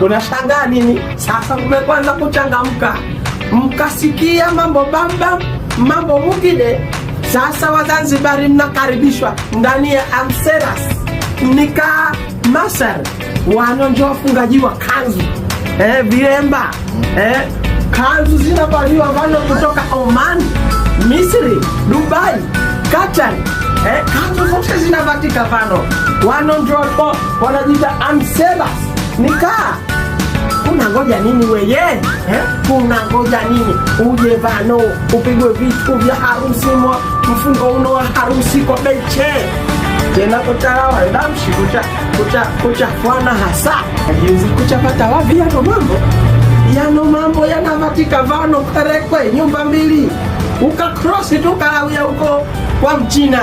Unashangaa nini? Sasa mmekwanza kuchangamka, mkasikia mambo bamba, mambo mukide. Sasa Wazanzibari mnakaribishwa ndani ya Amseras nika Masar, wano wafungaji wa kanzu eh, vilemba eh, kanzu zinavaliwa vano kutoka Oman, Misri, Dubai, Qatar eh, kanzu zote zinavatika vano, wano wanajita Amseras nika kuna ngoja nini weye? Eh? Kuna ngoja nini? Uje vano upigwe vitu vya harusi, mfungo uno wa harusi kwa beche tena kutawalamshi kuchafwana hasa ajiuzi kuchapata wapi? Yano mambo yano mambo yanavatika vano perekwe nyumba mbili ukakrosi tukalawia uko kwa mchina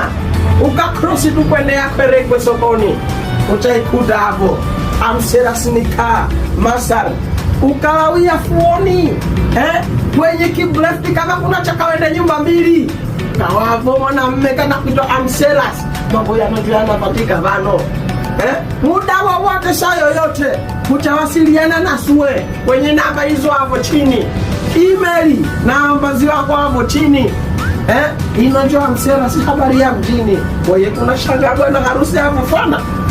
ukakrosi tukwendea perekwe sokoni utaikuta hapo amserasnika masar ukalawia fuoni eh, kwenye kibrefti kama kuna cha nyumba mbili kawavo mwanamme kana kuitwa amseras mambo yanajuana katika vano eh, muda wowote saa yoyote kutawasiliana suwe kwenye namba hizo hapo chini imeli na ambazi wako hapo chini eh, inonjo amserasi habari ya mjini weye kuna shanga bwana harusi havofana